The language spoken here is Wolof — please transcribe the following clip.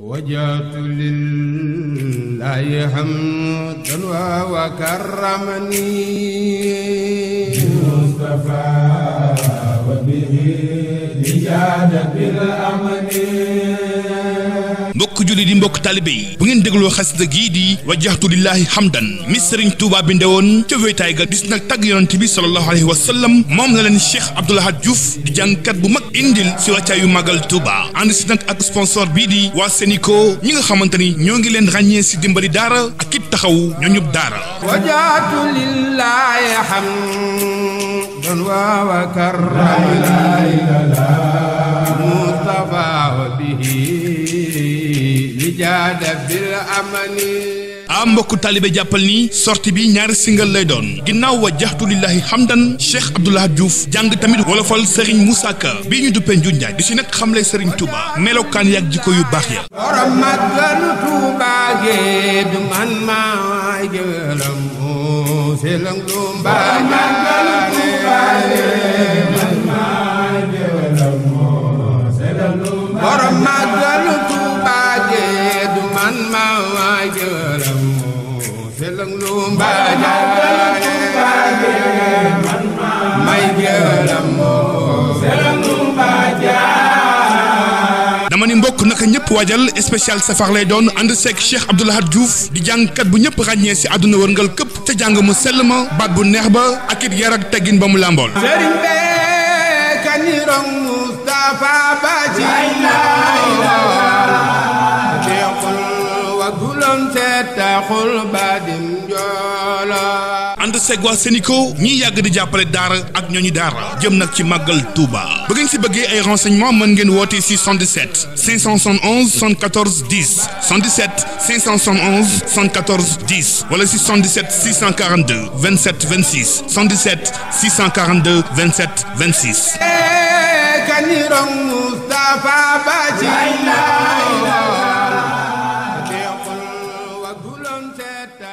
وجعت لله حمدا وكرمني مصطفى وبه mbokk julli di mbokk taalibe bu ngeen dégloo xasida gii di wajjahtu lillahi hamdan mi sëriñ Tuubaa bi ndewoon ca wéetaay ga dis nag tàgg yonent bi sallallahu alayhi moom la leen Cheikh Abdoul Ahad Diouf di jàngkat bu mag indil si wàccaayu màggal Tuubaa ànd si ak sponsor bii di waa Sénico ñi nga xamante ni ñoo ngi leen ràññee si dimbali daara ak it taxaw ñooñub daara wajjahtu lillahi hamdan wa karramani ah mbokku taalibe jàppal ni sortie bi ñaari single lay doon ginnaaw wa jaxtu lillahi hamdan Cheikh Abdoulahat Diouf jàng tamit wolofal Serigne Moussa Ka bii ñu duppee Njuñ Njaay di si nag xamle Serigne Touba melokaan yaag jikko yu baax ya borom màggalu Touba gi du man maa jëlam fi lang lu mbaa dama ni mbokk naka ñëpp waajal spécial safar lay doon ànd seeg Cheikh Abdou Lahad di jàngkat bu ñëpp ràññee si àdduna wërngal këpp te jàng mu sell ma baat bu neex ba ak it yar ak ba mu làmbool. gulom seet taxul baadim joola ànd seeg waa Sénico ñiy yàgg di jàppale daara ak ñooñu daara jëm nag ci màggal Touba bu ngeen si bëggee ay renseignements mën ngeen woote si 77 571 74 10 77 571 74 10 wala si 77 642 27 26 77 642 27 26. seeta